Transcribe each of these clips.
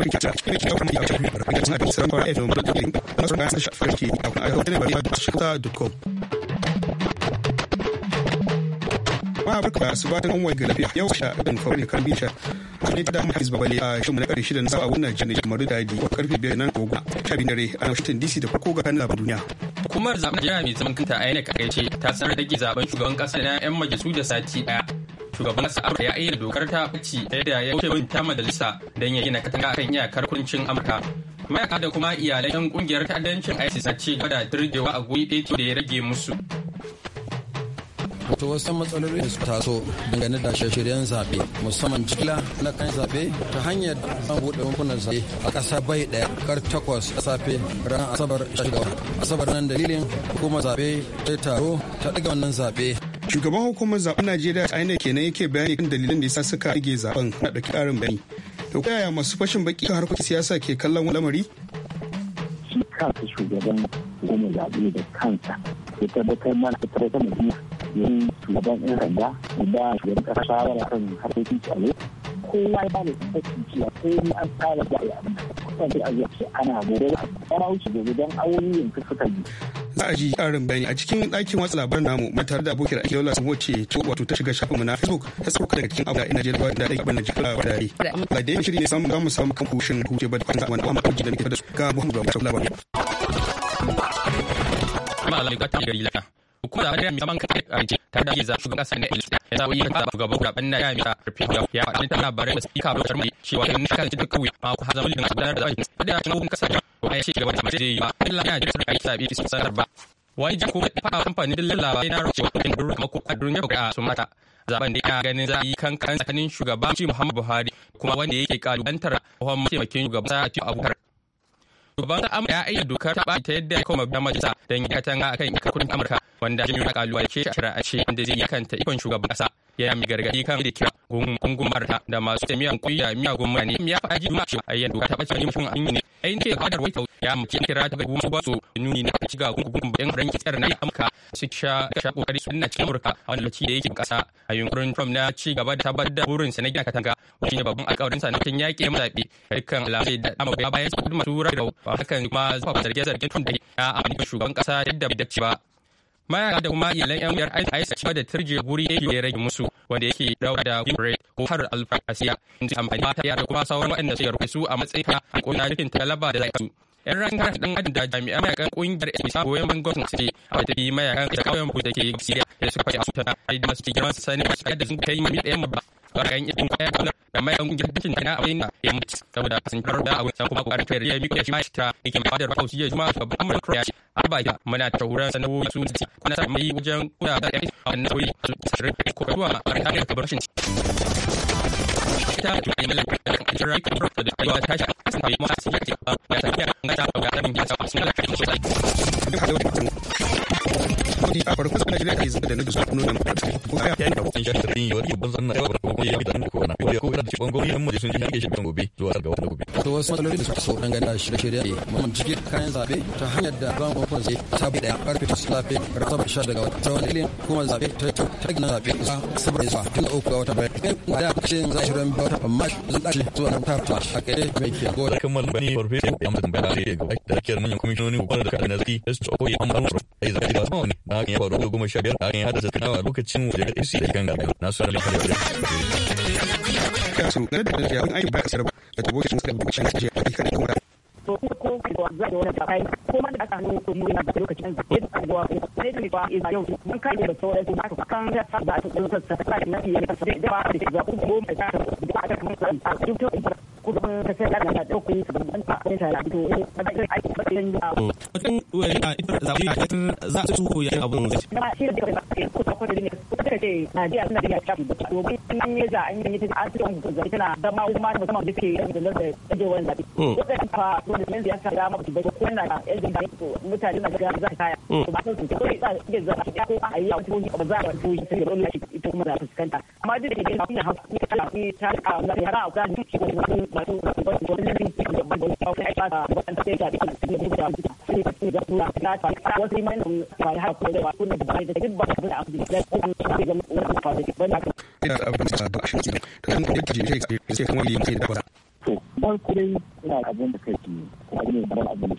ma barka su ba ta an waje lafiya yau sha ɗan kawai kan bisha a ne ta damu a bale a shimu na na sa'a wannan jini maru a karfe biyar nan ko a washington dc da farko ga kan labar duniya. hukumar zaben jihar mai zaman kanta a a kai ce ta sanar da ke zaben shugaban ƙasa na 'yan majalisu da sati ɗaya shugaban ƙasar Amurka ya ayyana dokar ta ta da ya wuce bin ta majalisa don ya gina katanga kan iyakar kudancin Amurka. Mayaka da kuma iyalai 'yan ƙungiyar ta'addancin ISIS na ci gaba da turgewa a guri ɗaya da ya rage musu. to wasu matsaloli da suka taso dangane da shirye-shiryen zaɓe musamman jikila na kan zaɓe ta hanyar zan buɗe rumfunan zaɓe a ƙasa bai ɗaya kar takwas a safe ranar asabar shigawa asabar nan dalilin hukumar zaɓe ta taro ta ɗaga wannan zaɓe shugaban hukumar zaben najeriya aina kenan yake bayani kan dalilan da yasa suka rage zaben na ɗauki ƙarin bayani to kaya masu fashin baki kan harkokin siyasa ke kallon wani lamari shi kansa shugaban hukumar zaɓe da kansa ya tabbatar mana ya tabbatar da ya yin shugaban yan sanda da shugaban ƙasa shawara kan harkokin tsaro kowa ya da tsaki cewa ko an tsara da ya sa sai a zai za a ji karin bayani a cikin ɗakin watsa labaran namu mai tare da abokin aiki yola sun wuce to wato ta shiga shafinmu na facebook ta sauka daga cikin abu ina jelawa da ɗaya abin da jikin labaran da yi ba da yin shiri ne samun za mu samu kan kushin huce ba da kwanza wani amma ɗauki da nake da su ga muhammadu ba mu shafi labaran. Malam, ka ta gari lafiya. hukumar zaben da misaman kai a yanci tare da yake shugaban kasa na ilista ya sa wani fara shugaban zaben na yami a rufe ya ya faɗi ta labarai da suka kawo sharmai cewa kan naka cikin kawai. ma ku hazamu a gudanar da a da ya shugaban kasa a ya ce shugaban kasa zai yi ba illa ya jira sai sabi su ba wani ji kuma fa kamfanin dillan labarai na rufe wani durin kamar ko kadrun ya a su mata zaben da ya ganin za a yi kankan tsakanin shugaban Muhammadu Buhari kuma wanda yake kalubantar tsohon mataimakin shugaban sa Atiku Abubakar Shugaban Amurka ya iya dokar ta ta yadda ya koma biya majalisa don ya tanga akan ikakun Amurka wanda jami'in kaluwa ya ce a a ce wanda zai yakanta ikon shugaban kasa ya yi gargaɗi kan da kira gungun marta da masu miyan kuya miyagun mani ya fi ji ma cewa ayyan doka ta ɓace wani ne a yi ne ayin ce kadar wai ya mace kira ta bai gumu ba su nuni na ci ga gungun bayan ran kitsar na amka su sha ka sha kokari suna cikin amurka a wani lokaci da yake kasa a yunkurin trump na ci gaba da tabbatar da burin sa na gina katanga shi ne babban alƙawarin sa na kan yaƙi mazaɓi dukkan alamai da dama bayan su kuma tura da rau ba hakan kuma zuwa zarge-zargen trump da ya amfani shugaban ƙasa yadda bai dace ba mayaka da kuma iyalan yan wuyar aiki aisa cewa da turje guri ne ya rage musu wanda yake dauka da gure ko har alfa asiya inji amfani ta yara kuma sauran waɗanda su rufe su a matsayin ka a kuna nufin talaba da zai su yan ran kar dan adam da jami'an mayakan kungiyar isa goyen bangon ce a tafi mayakan da kauyen ku da ke siriya da suka fashi a sutana a da masu girman sani a da sun kai mai ɗayan ba ƙwararren yin kwaya kuna da mayan kungiyar dakin a wajen yammaci saboda kasantar da a wajen kuma ƙoƙarin tayar ya miƙa shi ma'aikata da ke mai fadar kwausi ya zuma amurka ya a ba ita muna tauran sanarwoyi su ne kuna sa mai wajen kuna da yanki a wannan sauyi su tsirin da zuwa a tarihi kabar da kan ajiyar da a kasan masu ta ta gasa a sun lalata shi da saudi a farkon sanar shirya kai da lagos kuma nan kuma cikin ya yi abokan shari'a da yin yawar banzan na yawar kuma ya da ko na ko da cikin gwamnati yan majalisun jami'a ke kan gobe zuwa ga wani gobe to wasu matsaloli da suka sauran gana shirye shirye ne mun jige kayan zabe ta hanyar da ban ofin sai ta bi a karfe ta safe rasabar sha daga wata wani ilin kuma zabe ta zuwa tun uku ga wata bayan da aka ce za shirin ba amma zan zuwa nan ta a kai mai ke farfe ya mutum bayan da da manyan kwamishinoni ko da su ya amma da na ya faru da goma sha biyar a yayin hadasa a lokacin wajen AC da kan gaba na su da lafiya da su da da ya aiki ba kasar ba da tabo sun suka a kan kuma to ko ko ko za da wani ko aka hannu ko mu na da ya da wa sai aka kan da ta ba ta da ta ta na da ba da ga ku ta ta ta ta wajen ya wajen wani a ita zaɓe a ita za su ko yayin abin zai na shi da za an yi ta an tsaya da zai tana da ma kuma da kuma da ke yin da da da wannan zaɓe ko da fa ko da ya sa da ma ba ko na da yanzu da ko mutane na ga za ta kaya ko ba su ko da ke za a ko a yi a shi a da to ban kudai ina abin da kake wani ban abin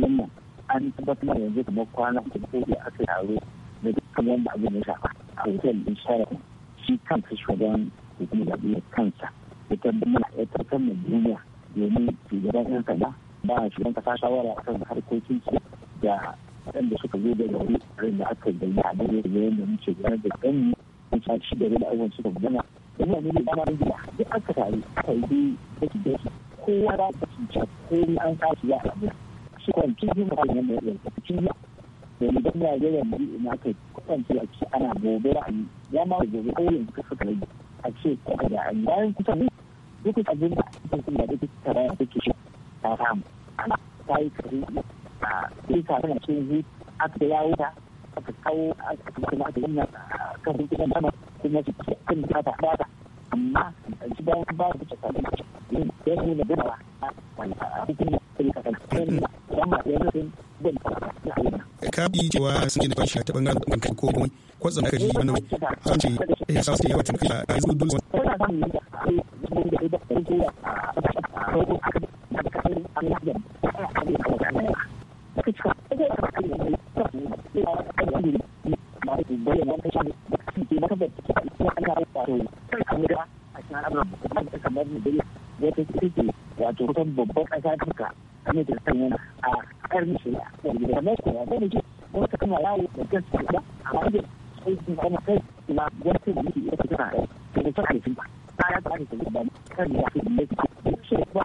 da an tabbatar yanzu kamar kwana uku ko da aka taro da dukkan wanda abin ya shafa a hotel din sharafi shi kansa shugaban hukumar da kansa ya tabbatar ya tabbatar da duniya domin shugaban yan sanda ba shirin kasa shawara akan harkokin su da waɗanda suka zo da gari tare da aka da ya nan da da muke gudanar da gani mun sa shi da da abubuwan suka gudana yana ne da dama gida duk aka tare aka yi dai da su kowa da aka ko komai an kasu ya abu su kwanci yi ma halin da ya tafi cin ya domin don ya yanzu ina aka kwanci a ce ana gobe ra'ayi ya ma gobe kawai yanzu ka suka a ce kuka da an bayan kusa ne duk abin da aka kusa da duk tara ya take shi ta samu ta yi kari a bisa cikin yi aka da ta aka kawo aka kuma aka yi kan rikinan dama kuma su ke kan ta ta ba amma shi ba da ta yin ya a wani rikinan rika kan kan ya nufin na ka bi cewa sun gina bashi da kaji wani wani a kan ce eh, ya sa su kai a dole sha da ke na kafa kuma an kawo wato a cikin al'amuran kuma da kamar da dai wata yana a karin shi a cikin kamar ko yawo da gaskiya ba amma da sai sun kuma kai kuma da yake ita ta kai da ta kai ba ta ya ta kai ba kan ya ke ne shi ba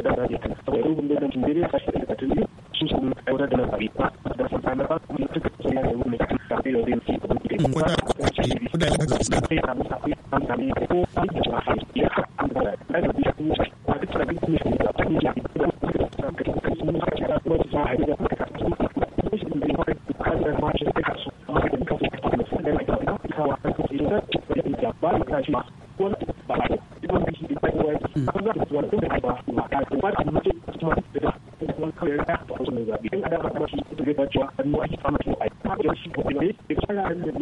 da da da kan saboda rubun da mutum da ya sashi da katun biyu su su aiwatar da nazari da sun sanar ba su tuka sai ya rubu ne kan da ya zai ci da kike ko da ko ci da ya ga sai ta mu sai an sami ko an da sai ya an ta ji da ta ji da ta ji da ta ta ji da ta ta ji da ta ji da ta ji da ta ji ya yi ji da ta ji da ta ji da ya yi da da ta ji da ta ji ta ji da ta ta ji da ta ji da ta ji da ta ji ta ji da ta ji da ta ji ta ji da ta ji da ta ji ta ji da ta ji da ta ji ta ji da ta ji da ta ji ta ji da ta ji da ta ji ta ji da ta ji da ta ji da ta ji da ta ji da ta ji da ta ji da ta ji da ta ji da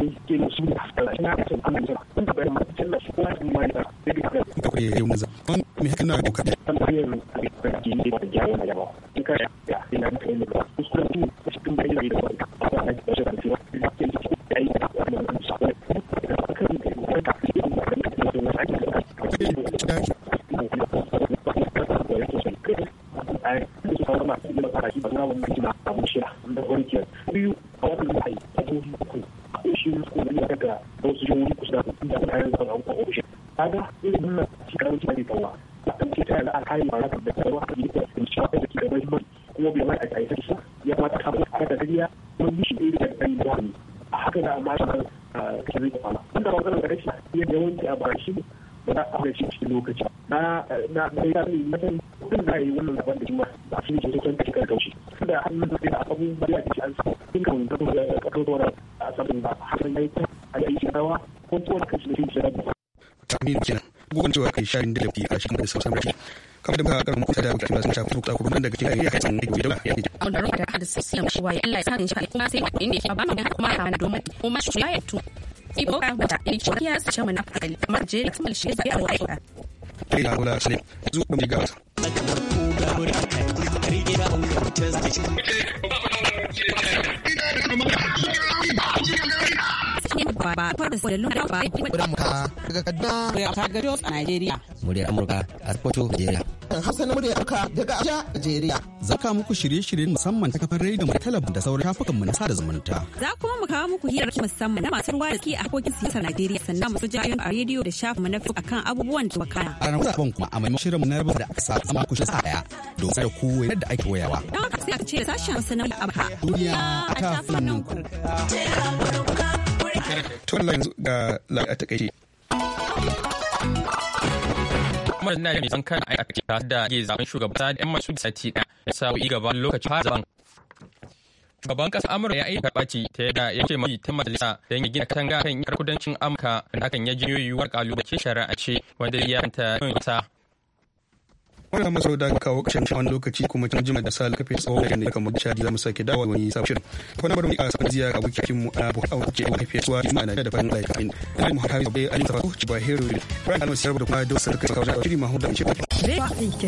ne ke su da kalashin haka sun ana nisa kun da ma da zai bi kaɗan. da kwaye yau maza wani da kwaye ne ba da gyara ka ya ina da kai ne ba kuskuren tun da cikin bayan da ba da ba da da shi rantuwa da ke da da da da da da da da da da da Ai, su fara ma su na na na ya yi mutum tun da yi wannan zaben da kuma a cikin jikin kan kashi kan kaushi da hannun da a abu ya ci an sa kan da da kaso da a sabon ba hakan yayi ta a yi shirawa ko ko da kashi da shi da tamir gugun cewa kai shayin da lafi a cikin da sauran rashi kamar da muka karin kusa da wakil masu shafi tuka kuma daga cikin ayyuka da ya a wannan rokar da sai ya shi waye Allah ya sa ni shi kuma sai inda ya ba mu da kuma ka na domin kuma shi ya tu ibo ka wata ne shi ya sa mana akali kamar je da kuma shi ya Fela Bola Salim zuwa mu ga wasa. Ina da Kwaba da Lumba Kwaba daga Kaduna Muryar Amurka daga Jos a Najeriya. Muryar Amurka a Sokoto Najeriya. Hassan na Muryar Amurka daga Abuja Najeriya. Za ka muku shirye-shirye musamman ta kafar rediyo mai talabijin da sauran shafukan mu na sada zumunta. Za kuma mu kawo muku hirar musamman na masu ruwa da ke a harkokin siyasar Najeriya sannan masu jayon a rediyo da shafin mu na Facebook akan abubuwan da wakana. A ranar zaben kuma a maimakon shirin mu na rabu da aka sa zama kushe sa daya don sai ku yadda ake wayawa. Don haka sai a ce sashen sanar da Amurka. Duniya a tafunan ku. Tun yanzu ga a takaice. Umar na mai san kan aikace ta da ke zaben shugaban sa da 'yan masu sati da ya sa'o'i gaban lokacin fara zaben. gaban ƙasar Amurka ya aika ɓaci ta yadda ya ce mai ta majalisa don ya gina katanga kan iyakar kudancin Amurka da hakan ya janyo yiwuwar ƙalubale shari'a ce wanda ya yanta yin wata Muna masu da kawo ƙarshen shan wani lokaci kuma can jima da sa kafin tsawon da ne kamar shadi za mu sake dawo wani sabon shirin. na bari mu a sabon ziya bukakin mu a buhar awon ce wani kafiyar suwa jima na da fahimta da kafin. Ina mu hafi bai alisa ba ko ci ba hero. Ra'ayin almasiyar da kuma dosa da kai kawo da shiri mahu da ce.